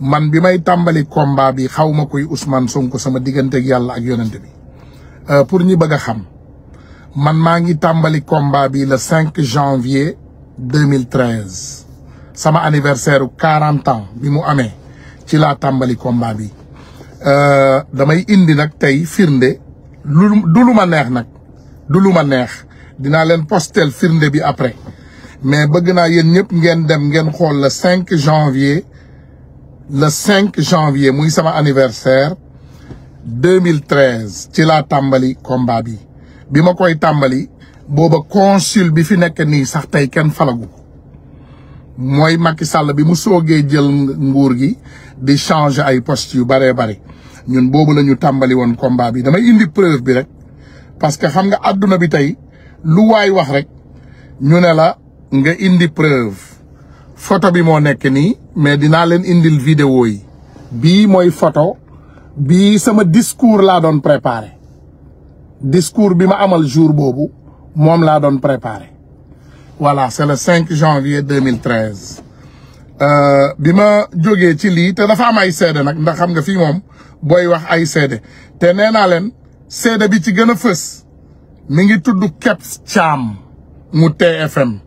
man bi may tàmbali komba bi xaw ma koy Ousmane Sonko sama digganteeg yàlla ak yonent bi euh, pour ñi bëgg a xam man maa ngi tàmbali combat bi le 5 janvier 2013 sama anniversaire u 40 bi mu amee ci laa tàmbali komba bi euh, damay indi nag tey firnde lu du lu ma neex nag du lu ma neex dinaa leen postel firnde bi après mais bëgg naa yéen ñëpp ngeen dem ngeen xool le 5 janvier le 5 janvier muy sama anniversaire 2013 ci laa tàmbali komba bi bi ma koy tàmbali booba consul bi fi nekk nii sax tey kenn falagu mooy Macky Sall bi mu soogee jël nguur gi di changer ay postes yu baree bari ñun boobu la tàmbali woon combat bi damay indi preuve bi rek parce que xam nga àdduna bi tey lu waay wax rek ñu ne la nga indi preuve photo bi moo nekk nii mais dinaa leen indil vidéo yi bii mooy photo bii sama discours laa doon préparé discours bi ma amal jour boobu moom laa doon préparé voilà c'est le 5 janvier 2013 euh, bi ma jógee ci lii te dafa am ay seede nag ndax xam nga fi moom booy wax ay seede te nee naa leen seede bi ci gën a fës mi ngi tudd Kebs Thiam mu TFM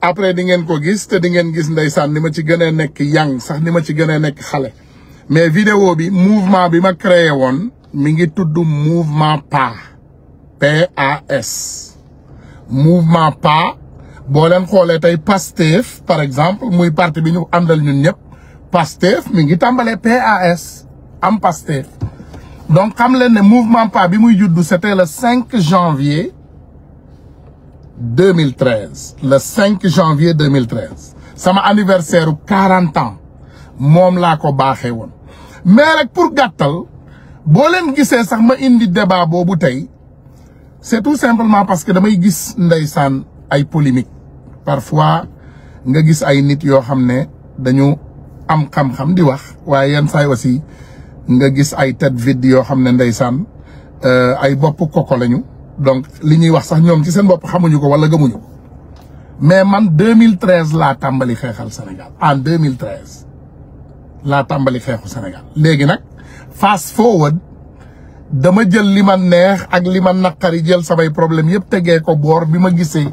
après di ngeen ko gis te di ngeen gis ndeysaan ni ma ci gën a nekk yang sax ni ma ci gën a nekk xale mais vidéo bi mouvement bi ma créé woon mi ngi tudd mouvement PAS PAS mouvement PAS boo leen xoolee tey PASTEF par exemple muy parti bi ñu andal ñun ñëpp PASTEF mi ngi tàmbalee PAS am PASTEF donc xam leen ne mouvement PAS bi muy juddu c'était le 5 janvier 2013 le 5 janvier 2013 sama anniversaire u 40 moom laa ko baaxee woon mais rek pour gàttal boo leen gisee sax ma indi débat boobu tey c'est tout simplement parce que damay gis ndeysaan ay polémique parfois nga gis ay nit yoo xam ne dañu am xam-xam di wax waaye yenn saay aussi nga gis ay tête vide yoo xam ne ndeysaan euh, ay bopp koko lañu donc li ñuy wax sax ñoom ci seen bopp xamuñu ko wala gëmuñu ko mais man 2013 laa tàmbali xeexal Sénégal en 2013 laa tàmbali xeexu Sénégal léegi nag fas forward dama jël li ma neex ak li ma naqari jël samay problème yëpp tegee ko boor bi ma gisee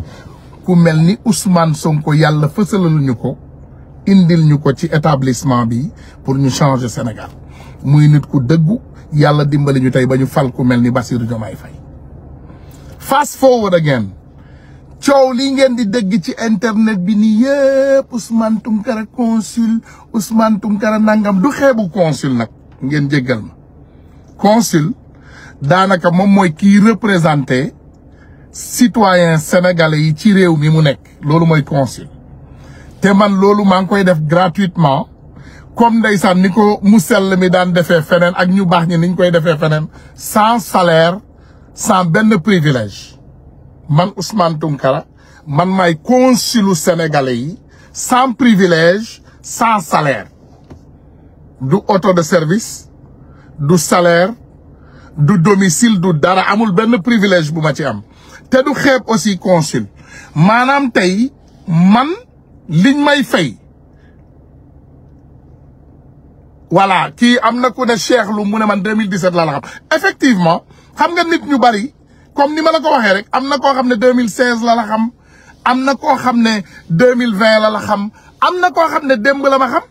ku mel ni Ousmane Sonko yàlla fësalal ñu ko indil ñu ko ci établissement bi pour ñu changer Sénégal muy nit ku dëggu yàlla dimbali ñu tey ba ñu fal ku mel ni Bassirou Diomaye Faye fast forward again coow lii ngeen di dégg ci internet bi nii yëpp Ousmane Tounkara consul Ousmane Tounkara nangam du xeebu consul nag ngeen jéggal ma consul daanaka moom mooy kii représenté citoyen sénégalais yi ci réew mi mu nekk loolu mooy consul te man loolu maa ngi koy def gratuitement comme ndeysaan ni ko mu sell mi daan defee feneen ak ñu baax ñi ni ñu koy defee feneen sans salaire sans benn privilège man Ousmane Tounkara man maay consilu sénégalais yi sans privilège sans salaire du auto de service du salaire du domicile du dara amul benn privilège bu ma ci am te du xeeb aussi consul maanaam tey man liñ may fay voilà kii am na ku ne Cheikh Loum mu ne man 2017 laa la xam effectivement xam nga nit ñu bari comme ni ma la ko waxee rek am na koo xam ne 2016 la la lala am na koo xam ne 2020 la la xam am na koo xam ne démb la ma xam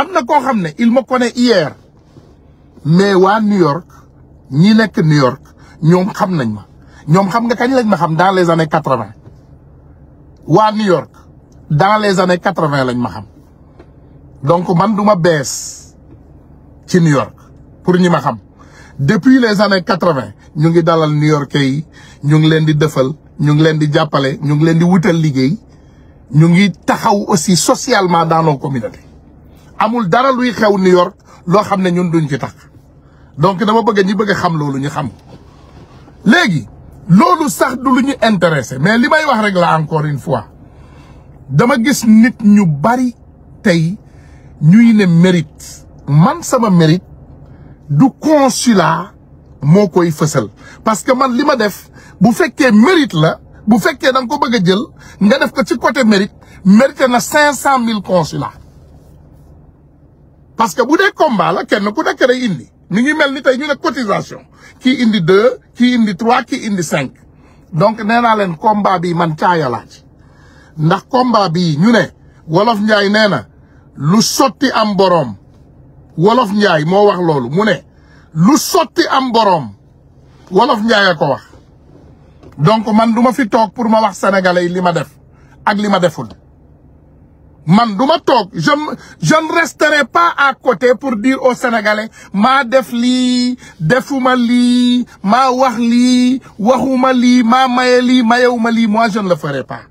am na koo xam ne il me connaît hier mais waa New York ñi nekk New York ñoom xam nañ ma ñoom xam nga kañ lañ ma xam dans les années quatre-vingt waa New York dans les années quatre-vingt lañ ma xam donc man du ma bees ci New York pour ñi ma xam depuis les années quatre-vingt ñu ngi dalal New Yorkais yi ñu ngi leen di defal ñu ngi leen di jàppale ñu ngi leen di wutal liggéey ñu ngi taxaw aussi socialement dans nos communautés amul dara luy xew New York loo xam ne ñun duñ ci tax donc dama bëgg ñi bëgg a xam loolu ñu xam léegi loolu sax du lu ñu intéressé mais li may wax rek la encore une fois dama gis nit ñu bari tey ñuy ne mérite man sama mérite du consulat moo koy fësal parce que man li ma def bu fekkee mérite la bu fekkee da ko bëgg a jël nga def ko ci côté mérite mérité na cinq cent mille consulat parce que bu dee combat kenn ku nekk day indi mi ngi mel ni tey ñu ne cotisation kii indi deux kii indi trois kii indi cinq donc nee naa leen combat bi man caaya laaj ndax combat bi ñu ne wolof Njaay nee na lu sotti am boroom wolof njaay moo wax loolu mu ne lu sotti am boroom wolof njaay a ko wax donc man duma fi toog pour ma wax sénégalais li ma def ak li ma deful man duma toog je je ne resterai pas à côté pour dire au sénégalais maa def lii defuma lii maa wax lii waxuma lii maa maye lii mayewuma lii moi je ne le ferai pas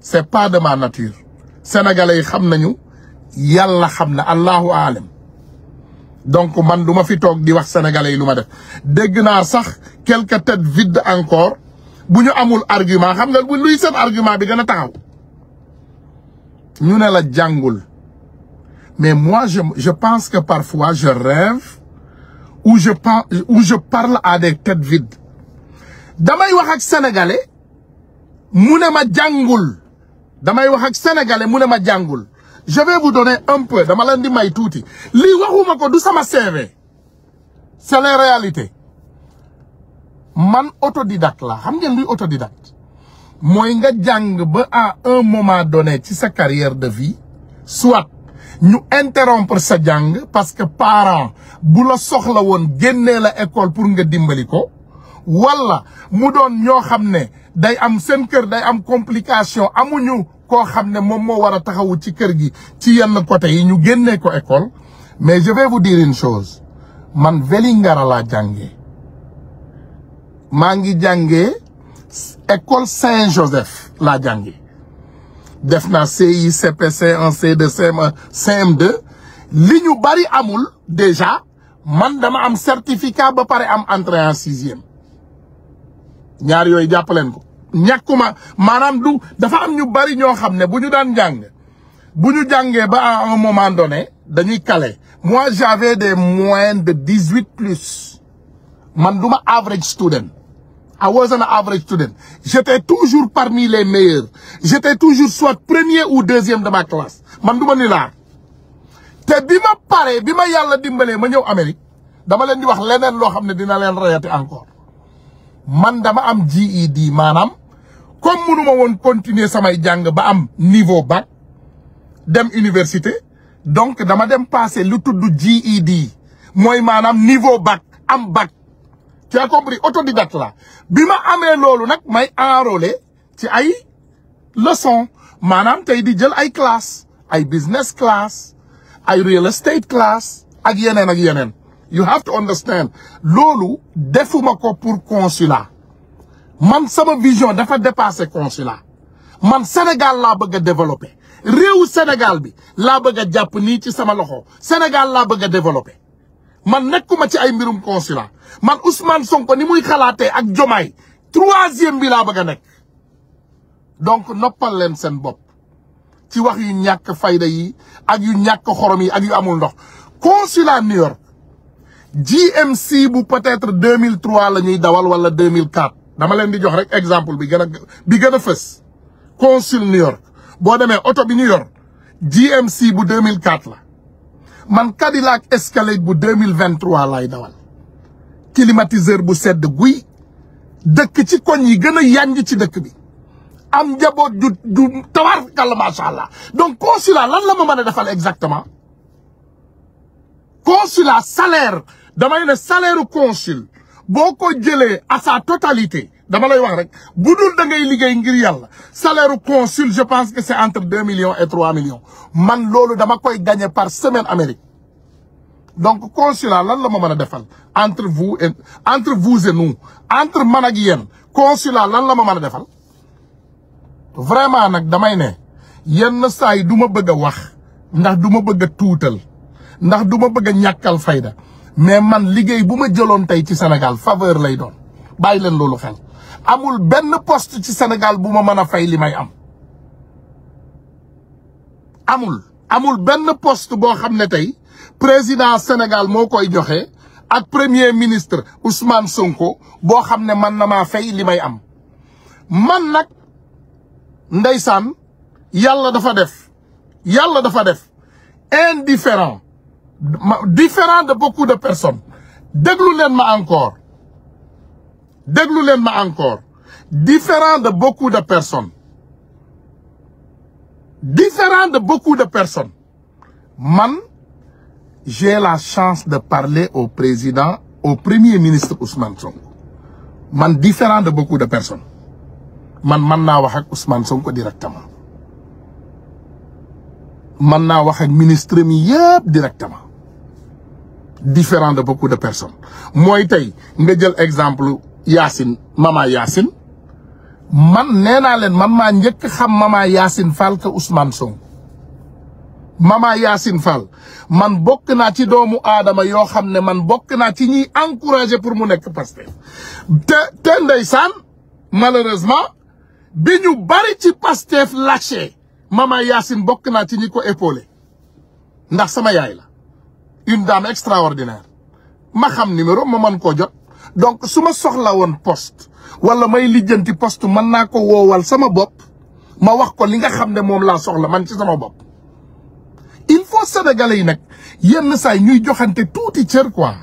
c'est pas de ma nature sénégalais yi xam nañu yàlla xam na allahu aalam donc man du ma fi toog di wax sénégalais yi lu ma def dégg naa sax quelque tête vide encore bu ñu amul argument xam nga luy seen argument bi gën a taxaw ñu ne la jàngul mais moi je je pense que parfois je rêve ou je pense ou parle à des têtes vides damay wax ak sénégalais mu ne ma jàngul damay wax ak sénégalais mu ne ma jàngul je bu vous donner peu dama leen di may tuuti lii waxuma ko du sama CV c'est la réalité man autodidacte la xam ngeen luy autodidacte mooy nga jàng ba à un moment donné ci sa carrière de vie soit ñu interrompre sa jàng parce que parent bu la soxla woon génnee la école pour nga dimbali ko walla mu doon ñoo xam ne day am seen kër day am complication amuñu koo xam ne moom moo war a taxawu ci kër gi ci yenn côté yi ñu génnee ko école mais je vais vous chose man Vélingara la jàngee maa ngi jàngee école Saint-Joseph laa jàngee def na CI CP1 C2 CM1 cm li ñu bari amul déjà man dama am certificat ba pare am entrée en sixième ñaar yooyu jàpp leen ko. ñàkkuma maanaam du dafa am ñu bari ñoo xam ne bu ñu daan jàng bu ñu jàngee ba à un moment donné dañuy calé moi j'avais des moyennes de dix huit plus man du ma average student I wasn't na average student j'étais toujours parmi le meilleurs j'étais toujours soit premier ou deuxième de ma classe man du ma ni te bi ma paree bi ma yàlla dimbalee ma ñëw Amérique dama leen di wax leneen loo xam ne dina leen rayati encore man dama am GED maanaam comme mënuma woon continuer samay jàng ba am niveau bac dem université donc dama dem passer lu tudd GED mooy maanaam niveau back am bac tu as compris autodidacte la bi ma amee loolu nag may enrôler ci ay leçon maanaam tey di jël ay classe ay business class ay real estate class ak yeneen ak yeneen you have to understand loolu defuma ko pour consulat man sama vision dafa dépassé consulat man Sénégal laa bëgg a développé réewu Sénégal bi laa bëgg a jàpp nii ci sama loxo Sénégal laa bëgg a développé man nekkuma ci ay mbirum consulat man Ousmane Sonko ni muy xalaatee ak Jomaay troisième bi laa bëgg nekk donc noppal leen seen bopp ci wax yu ñàkk fayda yi ak yu ñàkk xorom yi ak yu amul ndox consulat New York GMC bu peut-être 2003 la ñuy dawal wala 2004 dama leen di jox rek exemple bi gën a bi gën a fës consul New boo demee oto bi ñu yor GMC bu 2004 la man Cadillac Escalade bu 2023 laay dawal climatiseur bu sedd guy dëkk ci koñ yi gën a yànj ci dëkk bi am njaboot du du tabarkalla macha allah donc consulat lan la ma mën a defal exactement consulat salaire damay ne salaire consul boo ko jëlee à sa totalité dama lay wax rek bu dul da ngay liggéey ngir yàlla salaire consul je pense que c'est entre deux millions et trois millions man loolu dama koy gagner par semaine Amérique donc consulat lan la ma mën a defal entre vous et entre vous et nous entre man ak yéen consulat lan la ma mën a defal vraiment nag damay ne yenn saa yi du bëgg a wax ndax du ma bëgg a tuutal ndax du ma bëgg a ñàkkal fayda mais man liggéey bu ma jëloon tey ci Sénégal faveur lay doon bàyyi leen loolu xel amul benn post ci Sénégal bu ma mën a fay li may am amul amul benn post boo xam ne tey président Sénégal moo koy joxe ak premier ministre Ousmane Sonko boo xam ne man na maa fay li may am man nag ndeysaan yàlla dafa def yàlla dafa def indifférent différent de beaucoup de personne déglu leen ma encore déglu leen ma encore différent de beaucoup de personne différent de beaucoup de personne man j'ai la chance de parler au président au premier ministre Ousmane man différent de beaucoup de personne man man naa wax ak Ousmane Sonko directement man naa wax ministre mi yëpp directement différent de beaucoup de personne mooy tey nga jël exemple Yacine mama Yacine man nee naa leen man maa njëkk xam mama Yacine Fall ka Ousmane Sonko mama Yacine Fall man bokk naa ci doomu aadama yoo xam ne man bokk naa ci ñiy encouragé pour mu nekk Pastef te te ndeysaan malheureusement bi ñu bari ci Pastef lâché mama Yacine bokk naa ci ñi ko épole ndax sama yaay la. une dame extraordinaire ma xam numéro ma man koo jot donc su ma soxla woon poste wala may lijjanti poste man naa ko woowal sama bopp ma wax ko li nga xam ne moom laa soxla man ci sama bopp il faut sénégalais yi nag yenn saa ñuy joxante tuuti cër quoi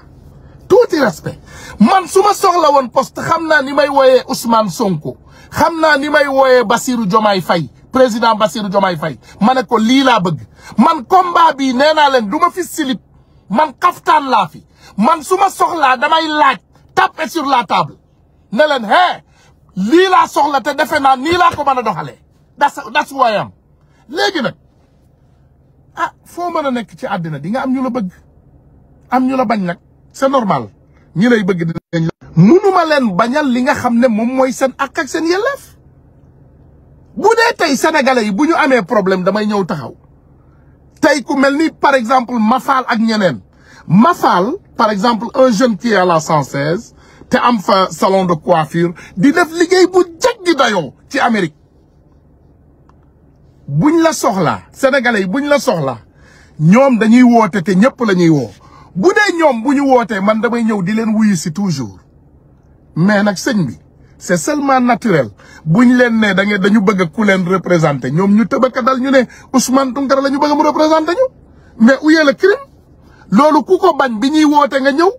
tuuti respect man su ma soxla woon poste xam naa ni may wooyee Ousmane Sonko xam naa ni may wooyee Bassirou Diomaye fay président Bassirou Diomaye fay ma ne ko lii laa bëgg man combat bii nee naa leen du ma fi silip man kaftaan laa fi man suma ma soxlaa damay laaj tapé sur la table ne leen hé lii laa soxla te defe naa nii laa ko man a doxalee das das waayam léegi nag ah foo mën a nekk ci àddina di nga am ñu la bëgg am ñu la bañ nag c'est normal ñi lay bëgg dinañ la munuma leen bañal li nga xam ne moom mooy seen ak ak seen yelleef bu dee tey sénégalais yi bu ñu amee problème damay ñëw taxaw tey ku mel ni par exemple Mafal ak ñeneen Mafal par exemple un jeune qui à la 116 te am fa salon de coiffure di def liggéey bu jéggi dayoo ci Amérique buñ la soxlaa sénégalais yi buñ la soxla ñoom dañuy woote te ñëpp la ñuy woo bu dee ñoom bu ñu wootee man damay ñëw di leen wuyu si toujours mais nag sëñ bi. c'est seulement naturel buñ leen ne da ngeen dañu bëgg ku leen représenter ñoom ñu tëbaka dal ñu ne Ousmane Tounkara la ñu bëgg mu représenter ñu mais où est le crime loolu ko bañ bi ñuy woote nga ñëw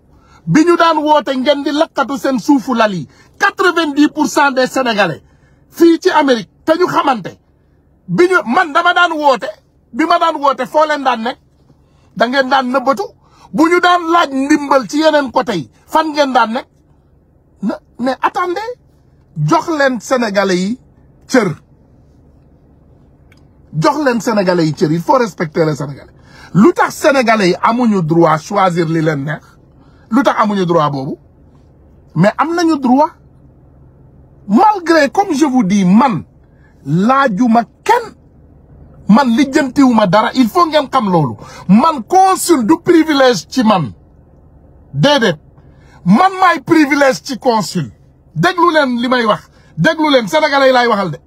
bi ñu daan woote ngeen di lakkatu seen suufu lal quatre-vingt-dix pour cent des fii ci Amérique te ñu xamante bi man dama daan woote bi ma daan woote foo leen daan nekk da ngeen daan nëbbatu bu ñu daan laaj ndimbal ci yeneen côté yi fan ngeen daan nekk na mais attendez jox leen sénégalais yi cër jox leen sénégalais yi cër il faut respecter le sénégalais lu tax sénégalais yi amuñu droit choisir li leen neex lu tax amuñu droit boobu mais am nañu droit malgré comme je vous di man laajuma kenn man lijjantiwuma dara il faut ngeen xam loolu man consul du privilège ci man déedéet man maay privilège ci consul déglu leen li may wax déglu leen sénégalais yi laay waxal de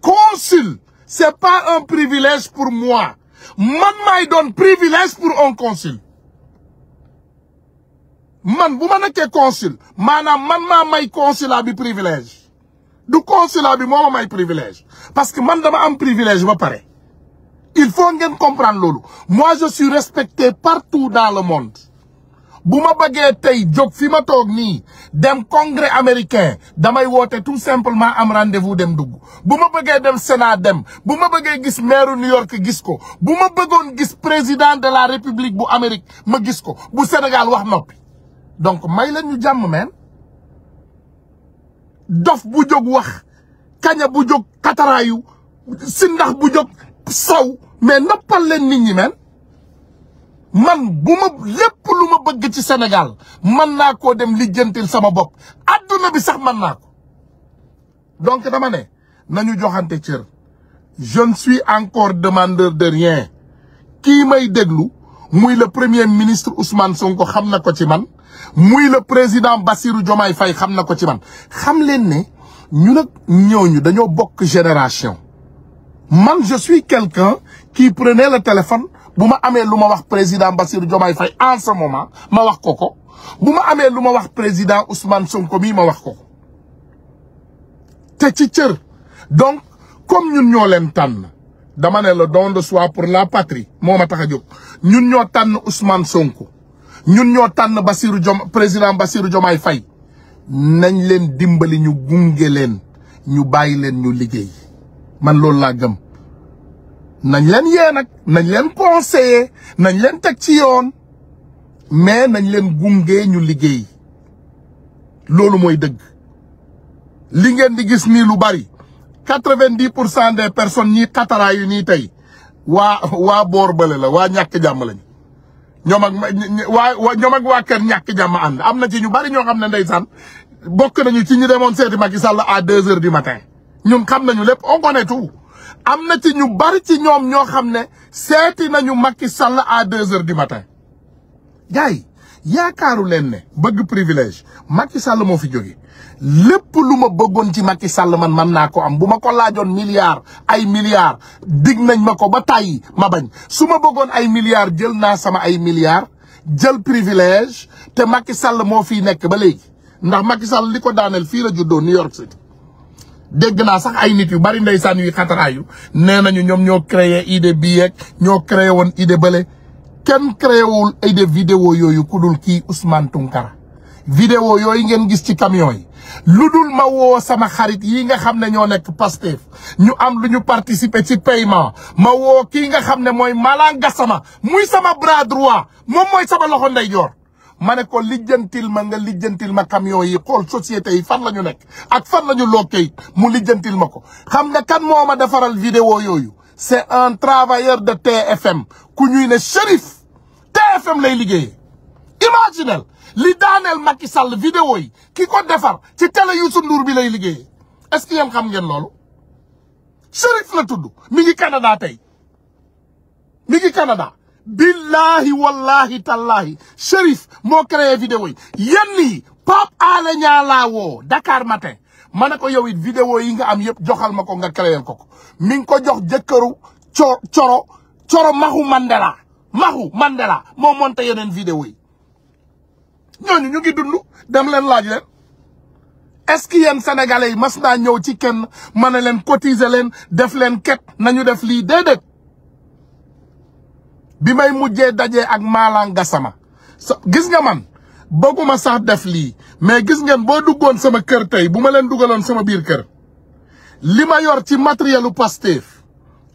consul c'est pas un privilège pour moi man maay doon privilège pour un consul man bu ma nekkee consul maanaam man maa may consulat bi privilège du consulat bi moo ma may privilège parce que man dama am privilège ma pare il faut ngeen comprendre loolu moi je suis respecté partout dans le monde bu ma bëggee tey jóg fi ma toog nii dem congrès américain damay woote tout simplement am rendez-vous dem dugg bu ma bëggee dem Sénat dem bu ma bëggee gis maire New York gis ko bu ma bëggoon gis président de la République bu Amérique ma gis ko bu Sénégal wax noppi donc may leen ñu jàmm meen dof bu jóg wax kaña bu jóg kataraayu si ndax bu jog sow mais noppal leen nit ñi meen man bu ma lépp lu ma bëgg ci Sénégal man naa koo dem lijjantil sama bopp adduna bi sax man naa ko donc dama ne nañu joxante cër jeune ne suis encore demandeur de rien kii may déglu muy le premier ministre Ousmane ko xam na ko ci man muy le président Bassirou Diomaye fay xam na ko ci man xam leen ne ñu nag ñu dañoo bokk génération man je suis quelqu'un qui prenait le téléphone bu ma amee lu ma wax président Bassirou Diomaye Faye en ce ma wax ko ko bu ma amee lu ma wax président Ousmane Sonko mii ma wax ko ko te ci cër donc comme ñun ñoo leen tànn dama ne la don de soi la patrie moo ma tax a jóg ñun ñoo tànn Ousmane Sonko ñun ñoo tànn Bassirou Diom président Bassirou Diomaye Faye nañ leen dimbali ñu gunge leen ñu bàyyi leen ñu liggéey man loolu laa gëm. nañ leen yee nag nañ leen conseiller nañ leen teg ci yoon mais nañ leen gunge ñu liggéey loolu mooy dëgg li ngeen di gis nii lu bari quatre-vingt-dix pour cent des personnes ñi xataraa yu tey waa waa boor bale la waa ñàkk jàmm lañ ñoom ak waa ñoom ak waa kër ñàkk jàmm ànd am na ci ñu bari ñoo xam ne ndeysaan bokk nañu ci ñu demoon seeti Macky Sall à deux heures du matin ñun xam nañu lépp on connaît am na ci ñu bari ci ñoom ñoo xam ne seeti nañu Macky Sall à deux heures du matin gars yaakaaru leen ne bëgg privilège Macky Sall moo fi jóge lépp lu ma bëggoon ci Macky sàll man man naa ko am bu ma ko laajoon milliards ay milliards dig nañ ma ko ba tàyyi ma bañ su ma bëggoon ay milliards jël naa sama ay milliards jël privilège te Macky Sall moo fiy nekk ba léegi ndax Macky Sall li ko daaneel fii la juddoo New York City dégg naa sax ay nit yu bari ndeysaan yuy xataraayu nee nañu ñoom ñoo créé idée bi yeeg ñoo créé woon idée bële kenn créé wul idée vidéo yooyu ku dul kii Ousmane Tounkara vidéo yooyu ngeen gis ci camion yi lu dul ma woo sama xarit yi nga xam ne ñoo nekk Pastef ñu am lu ñu participer ci paiement ma woo kii nga xam ne mooy Malang Gassama muy sama bras droit moom mooy sama loxo ndeyjoor ma ne ko lijjantil ma nga lijjantil ma camion yi xool société yi fan la ñu nekk ak fan la ñu lokkee mu lijjantil ma ko xam nga kan moo a defaral vidéo yooyu c'est un travailleur de TFM ku ñuy ne Chérif TFM lay liggéeyee imaginel li daaneel Macky Sall vidéo yi ki ko defar ci télé Youssou Ndour bi lay liggéeyee est-ce que yéen xam ngeen loolu Chérif la tudd mi ngi Canada tey mi ngi Canada billahi wallahi tallahi Cherif moo créé vidéo yi yenn yi Pape Alé Niang laa woo Dakar matin ma ne ko yow it vidéo yi nga am yëpp joxal ma ko nga créé ko ko mi ngi ko jox jëkkëru co coro coro maxu Mandela maxu Mandela moo monté yeneen vidéo yi ñooñu ñu ngi dund dem leen laaj leen est-ce que yéen sénégalais yi mas naa ñëw ci kenn mën a leen cotiser leen def leen ket nañu def lii déedéet bi may mujjee daje ak Malang Gassama gis nga man bëgguma sax def lii mais gis ngeen boo duggoon sama kër tey bu ma leen dugaloon sama biir kër li ma yor ci matérielu Pastef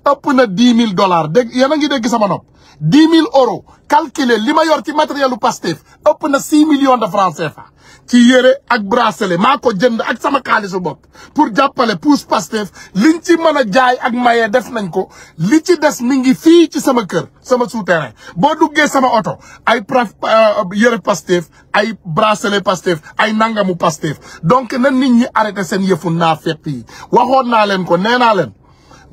ëpp na dix mille dollars dégg yéen a ngi dégg sama nopp dix mille euros calculer li ma yor ci matériel u Pastef ëpp na six millions de francs CFA ci yére ak bracelet maa jënd ak sama xaalisu bopp pour jàppale pousse Pastef liñ ci mën a jaay ak maye def nañ ko li ci des mi ngi fii ci sama kër sama terrain boo duggee sama oto ay pra euh, yére Pastef ay bracelet Pastef ay nangamu Pastef donc na nit ñi arrêté seen yëfu naa fépp yi waxoon naa leen ko nee naa leen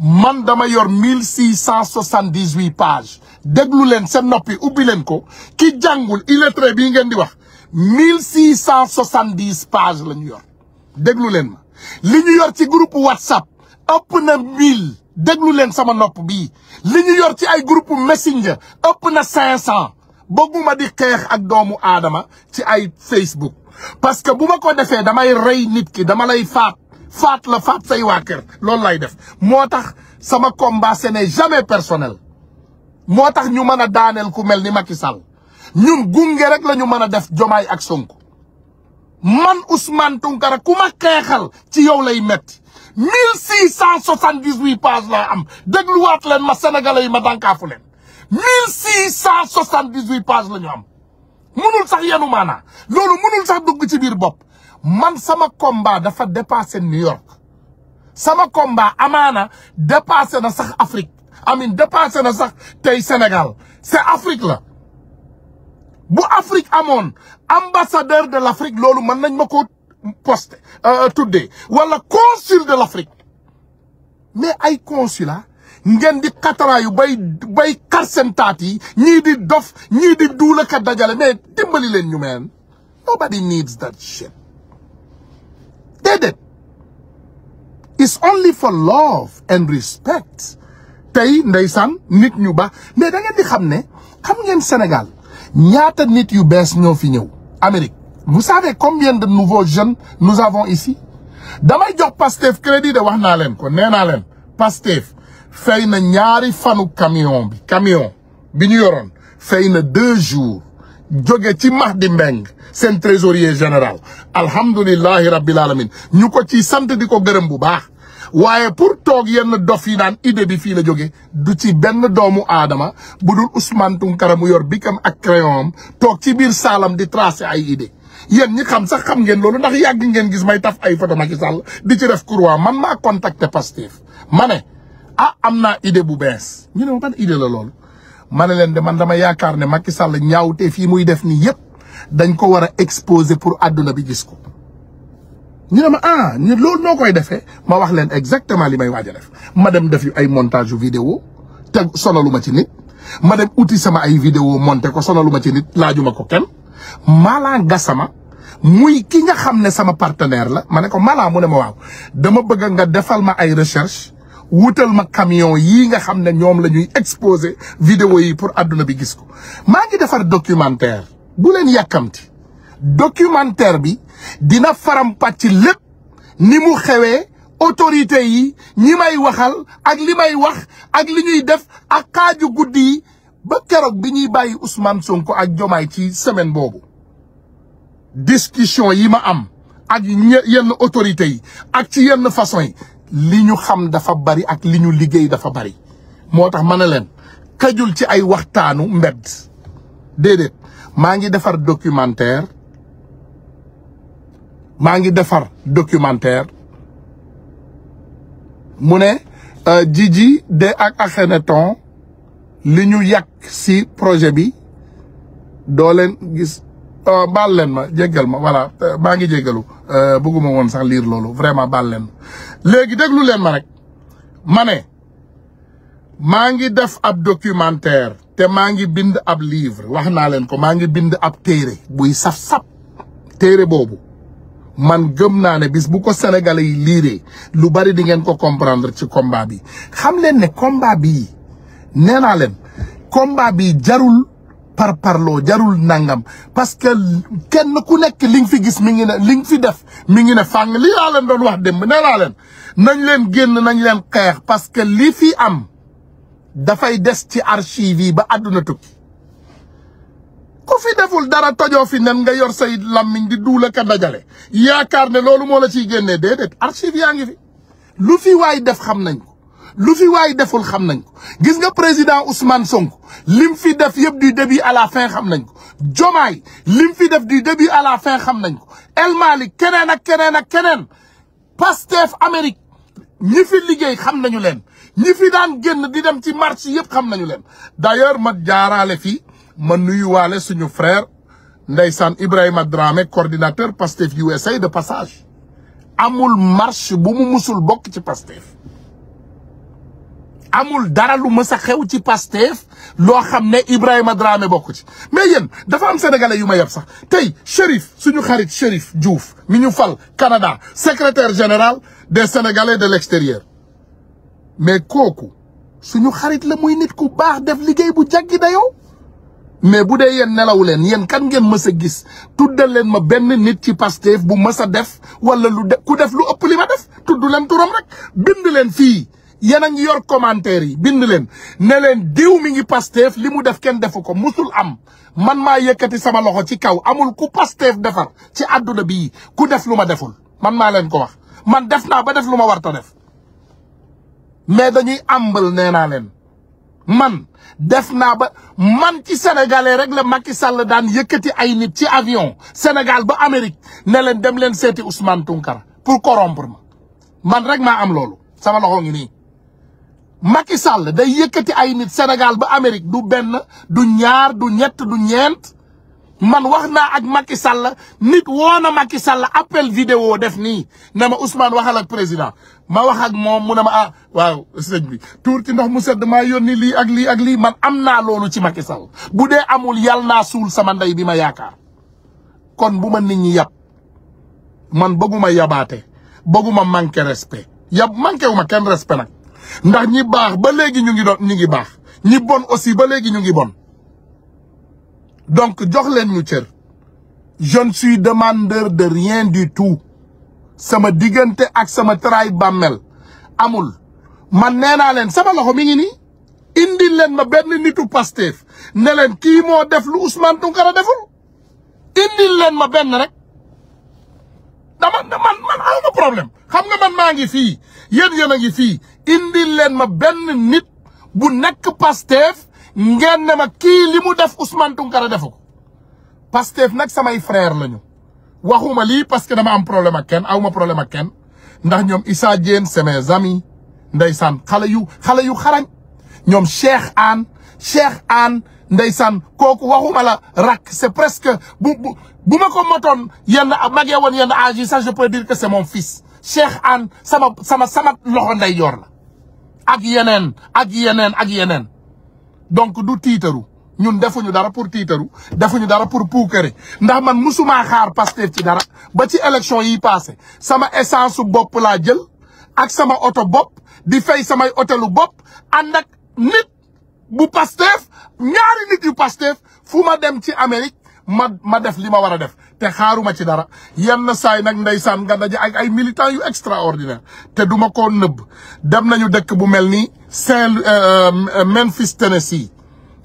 man dama yor mille six cent soixante dix huit pages déglu leen seen noppi ubbi leen ko ki jàngul illettré bii ngeen di wax mille six cent soixante dix pages la ñu yor déglu leen ma li ñu yor ci groupe whatsapp ëpp na mille déglu leen sama nopp bii li ñu yor ci ay groupe messenger ëpp na cinq cent bëgguma di xeex ak doomu aadama ci ay facebook parce que bu ma ko defee damay rey nit ki dama lay faat faat la faat say waa kër loolu lay def moo tax sama combat ce n'est jamais personnel moo tax ñu mën a daaneel ku mel ni Macky Sall ñun gunge rek la ñu mën a def Jomaay ak Sonko man Ousmane Tounkara ku ma xeexal ci yow lay metti mille six cent soixante-dix-huit pages laa am dégluwaat leen ma sénégalais yi ma dànkaafu leen mille six cent soixante-dix-huit la ñu am munul sax yenu maanaa loolu munul sax dugg ci biir bopp man sama combat dafa dépassé New York sama combat amaana dépassé na sax Afrique amin dépassé na sax tey Sénégal c'est Afrique la bu Afrique amoon ambassadeur de l'Afrique loolu mën nañ ma ko poste euh, tuddee wala consul de l'Afrique mais ay consulat ngeen di xataraayu bay bay karsentaat yi ñii di dof ñii di duulaka dajale mais dimbali leen ñu meen nobody needs that shit déedéet it's only for love and respect tey ndeysaan nit ñu baax di xam ne xam ngeen senegal ñaata nit yu bees ñoo fi ñëw Amérique vous savez combien de nouveaux jeunes nous avons ici damay jox Pastef crédit de wax naa leen ko nee naa leen Pastef fay na ñaari fanu camion bi camion bi ñu yoroon fay na deux jours jóge ci Mahdi Mbeng seen trésorier général alhamdulilahi rabbil alamin ñu ko ci sant di ko gërëm bu baax waaye pour toog yenn dof yi naan idée bi fii la jóge du ci benn doomu aadama bu dul Ousmane Tounkara mu yor bikam ak crayon toog ci biir saalam di tracer ay idée yéen ñi xam sax xam ngeen loolu ndax yàgg ngeen gis may taf ay photo Macky di ci def courroie man maa contacté Pastef ma ne ah am naa idée bu bees ñu ne ma ban idée la lool ma ne leen de man dama yaakaar ne Macky ñaaw te fii muy def nii yëpp dañ ko war a exposer pour àdduna bi gis ko. ñu ne ma ah ñu loolu noo koy defee ma wax leen exactement li may waaja def ma dem def yu ay montage video vidéo te sonaluma ci nit ma dem uti sama ay vidéo monté ko sonaluma ci nit laajuma ko kenn Mala Gassama muy ki nga xam ne sama partenaire la ma ne ko Mala mu ne ma waaw dama bëgg nga defal ma ay recherche wutal ma camion yii nga xam ne ñoom la ñuy exposé vidéo yi pour àdduna bi gis ko maa ngi defar documentaire bu leen yàkkamti documentaire bi dina faram-pàcc lépp ni mu xewee autorité yi ñi may waxal ak li may wax ak li ñuy def ak xaaju guddi yi ba keroog bi ñuy bàyyi Ousmane Sonko ak Jomaay ci semaine boobu discussion yi ma am ak yenn autorités yi ak ci yenn façon yi li ñu xam dafa bari ak li ñu liggéey dafa bari moo tax ma ne leen kajul ci ay waxtaanu mbedd déedéet maa ngi defar documentaire maa ngi defar documentaire mu ne euh, Djidji de ak Akhenaton li ñu yàq ci projet bi doo leen gis Oh, baal leen ma jéggal ma voilà maa ngi jéggalu euh, bëgguma woon sax liir loolu vraiment baal leen ma léegi déglu leen ma rek ma maa ngi def ab documentaire te maa ngi bind ab livre wax naa leen ko maa ngi bind ab téere buy saf-sap téere boobu man gëm naa ne bis bu ko sénégalais yi liiree lu bari di ngeen ko comprendre ci combat bi xam leen ne combat bii nee naa leen jarul par parloo jarul nangam parce que kenn ku nekk li nga fi gis mi ngi ne li nga fi def mi ngi ne fàng li laa leen doon wax démb ne laa leen nañ leen génn nañ leen xeex parce que li fi am dafay des ci archive yi ba àdduna tukki ku fi deful dara tojoo fi nen nga yor say lammiñ di duula ka dajale yaakaar ne loolu moo la ciy génnee déedéet archive yaa ngi fi lu fi waay def xam nañ lu fi waay deful xam nañ ko gis nga président Ousmane Sonko lim fi def yëpp du début à la fin xam nañ ko Jomaay lim fi def du début à la fin xam nañ ko El Malick keneen ak keneen ak keneen Pastef Amérique ñi fi liggéey xam nañu leen ñi fi daan génn di dem ci marché yëpp xam nañu leen d'ailleurs ma jaaraale fii ma nuyuwaale suñu frère ndeysaan Ibrahima Dramé coordinateur Pastef USA de passage amul marche bu mu musul bokk ci Pastef amul dara lu mës a xew ci Pastef loo xam ne Ibrahima Dramé bokk ci mais yéen dafa am sénégalais yu ma yeb sax tey Chérif suñu xarit Chérif Diouf mi ñu fal Canada secretaire général des sénégalais de l'extérieur mais kooku suñu xarit la muy nit ku baax def liggéey bu jaggi dayoo mais bu dee yéen nelaw leen yéen kan ngeen mës a gis tuddal leen ma benn nit ci Pastef bu mës a def wala lu de ku def lu ëpp li ma def tudd leen turam rek bind leen fii yéen a ngi yor commentaire yi bind leen ne leen diw mi ngi Pastef li mu def kenn defu ko musul am man maa yëkkati sama loxo ci kaw amul ku Pastef defar ci àdduna bii ku def lu ma deful man maa leen ko wax man def naa ba def lu ma warta def mais dañuy àmbal nee naa leen man def naa ba man ci sénégalais rek la Macky Sall daan yëkkati ay nit ci avion Sénégal ba Amérique ne leen dem leen seeti Ousmane Tounkara pour corrompre ma man rek maa am loolu sama loxo ngi nii Macky Sall day yëkkati ay nit Sénégal ba Amérique du benn du ñaar du ñett du ñeent man wax naa ak Macky Sall nit woo na Macky Sall appel vidéo def ni na ma Ousmane waxal ak président ma wax ak moom mu ne ma ah waaw sëñ bi tuur ci ndox mu sedd ma yónni lii ak lii ak lii man am naa loolu ci Macky Sall bu dee amul yàlla naa suul sama ndey bi ma yaakaar kon bu ma nit ñi yab man bëgguma yabaate bëgguma manqué respect yab manqué wu ma kenn respe nag ndax ñi baax ba léegi ñu ngi doon ñu ngi baax ñi bon aussi ba léegi ñu ngi bon donc jox leen ñu cër je ne suis demandeur de rien du tout sama diggante ak sama tëraay bàmmel amul man nee naa leen sama loxo mi ngi nii indil leen ma benn nitu Pastef ne leen kii moo def lu Ousmane Tounkara deful indil leen ma benn rek dama man man aw ma problème xam nga man maa ngi fii yéen yéen a ngi fii indil leen ma benn nit bu nekk Pastef ngeen ne ma kii li mu def Ousmane Tounkara defu ko Pastef nag samay frère lañu waxuma lii parce que dama am problème ak kenn aw ma problème ak kenn ndax ñoom Issa Diène c'est mes amis ndeysaan xale yu xale yu xarañ ñoom Cheikh Anne Cheikh Anne ndeysaan kooku waxuma la rak c'est presque bu bu bu ma ko motoon yenn magee woon yenn âge yi sax je peux dire que c'est mon fils Cheikh Anne sama sama sama loxo ndey yor la ak yeneen ak yeneen ak yeneen donc du tiitaru ñun defuñu dara pour tiitaru defuñu dara pour puukare ndax man musumaa xaar Pastef ci dara ba ci élection yi passé sama essence bopp laa jël ak sama oto bopp di fay samay hôtelu bopp ànd ak nit bu Pastef ñaari nit yu Pastef fu ma dem ci Amérique ma ma def li ma war a def te xaaruma ci dara yenn saay nag ndeysaan nga daje ak ay militants yu extraordinaire te duma ko nëbb dem nañu dëkk bu mel ni Saint euh, euh, Memphis Tennessee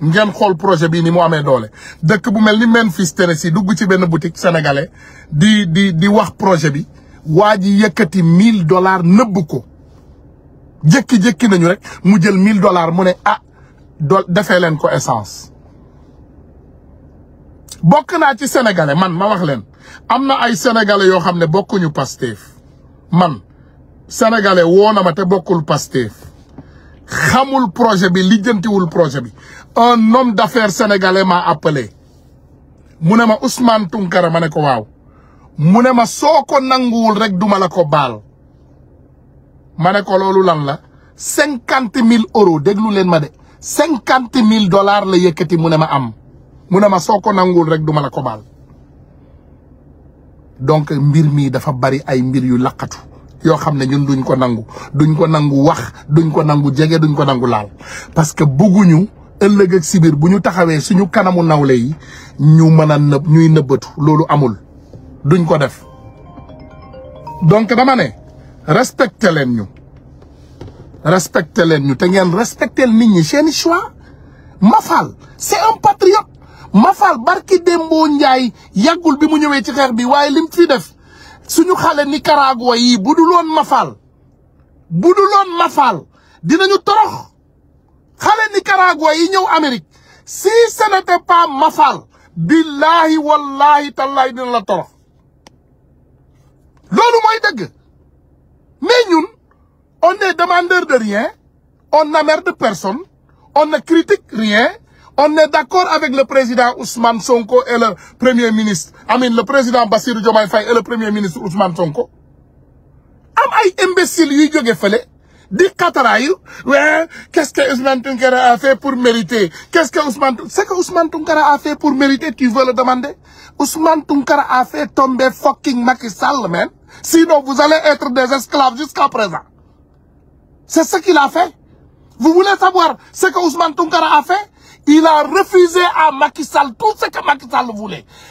ngeen xool projet bii ni mu amee doole dëkk bu mel ni Memphis Tennessee dugg ci benn boutique sénégalais di di di wax projet bi waa ji yëkkati mille dollars nëbb ko jékki-jékki nañu rek mu jël mille dollars mu ne ah do defee leen ko essence bokk naa ci sénégalais man ma wax leen am na ay sénégalais yoo xam ne bokkuñu Pastef man sénégalais woo na ma te bokkul Pastef xamul projet bi lijjantiwul projet bi un homme d'affaires sénégalais m'a appelé mu ne ma Ousmane Tounkara ma ne ko waaw mu ne ma soo ko nanguwul rek duma la ko baal ma ne ko loolu lan la cinquante mille euros déglu leen ma de cinquante mille dollars la yëkkati mu ne ma am mu ne ma soo ko nanguwul rek duma la ko baal donc mbir mii dafa bari ay mbir yu laqatu yoo xam ne ñun duñ ko nangu duñ ko nangu wax duñ ko nangu jege duñ ko nangu laal parce que bugguñu ëllëg ak sibir bu ñu taxawee suñu kanamu nawle yi ñu mën a nëb ñuy nëbbatu loolu amul duñ ko def donc dama ne respecté leen ñu respecté leen ñu te ngeen respecté nit ñi seeni choix Mafal c'est un patriote Mafal barki Dembo Ndiaye yàggul bi mu ñëwee ci xeex bi waaye lim fi def suñu xale Nicaragua yi bu dul woon Mafal bu dul woon Mafal dinañu torox xale Nicaragua yi ñëw Amérique si ce n'était pas Mafal billahi wallahi tallahi dina la torox loolu mooy dëgg mais ñun on demandeur de rien on n'emmerde personne on ne critique rien On est d'accord avec le président Ousmane Sonko et le premier ministre. I le président Bassirou Diomaye Faye et le premier ministre Ousmane Sonko. am ay imbéciles y jóge fële di xataraayu waaye qu'est-ce que Ousmane Tounkara a pour mériter qu'est-ce que Ousmane c'est que Ousmane Tounkara a fait pour mériter tu veux le demander Ousmane Tounkara a fait tomber fucking Macky Sall man sinon vous allez être des esclaves jusqu'à présent c'est ce qu'il a fait vous voulez savoir ce que Ousmane Tounkara a fait il a refusé à Macky Sall tout ce que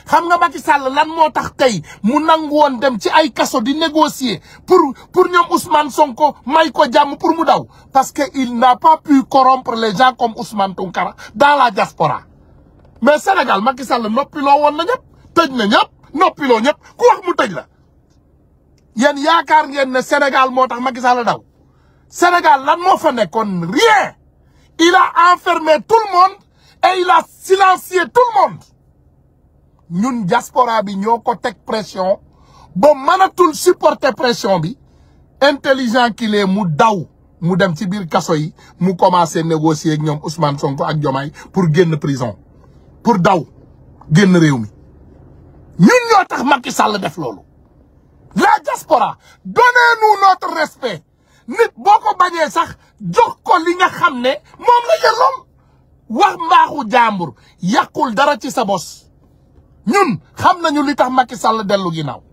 xam nga Macky Sall lan moo tax tey mu nangu woon dem ci ay kaso di négocier pour pour ñoom Ousmane Sonko may ko jàmm pour mu daw parce que il n'a pas pu corrompre les gens comme Ousmane Tounkara dans la diaspora mais Sénégal Macky Sall noppiloo woon na ñëpp tëj na ñëpp noppiloo ñëpp ku wax mu tëj la yéen yaakaar ngeen ne Sénégal moo tax Macky Sall daw Sénégal lan moo fa nekkoon rien il a enfermé tout le monde et il a silencié tout le ñun diaspora bi ñoo ko teg pression ba mënatul supporter pression bi intelligent qu'il mu daw mu dem ci biir kaso yi mu commencé négocier ak ñoom Ousmane Sonko ak Diomaye pour génn prison pour daw génn réew mi ñun ñoo tax Macky Sall def loolu la diaspora donnez-nous notre respect nit boo ko bañee sax jox ko li nga xam ne moom la yelloom wax mbaaxu jàmbur yàqul dara ci sa bos ñun xam nañu li tax Macky Sall dellu ginnaaw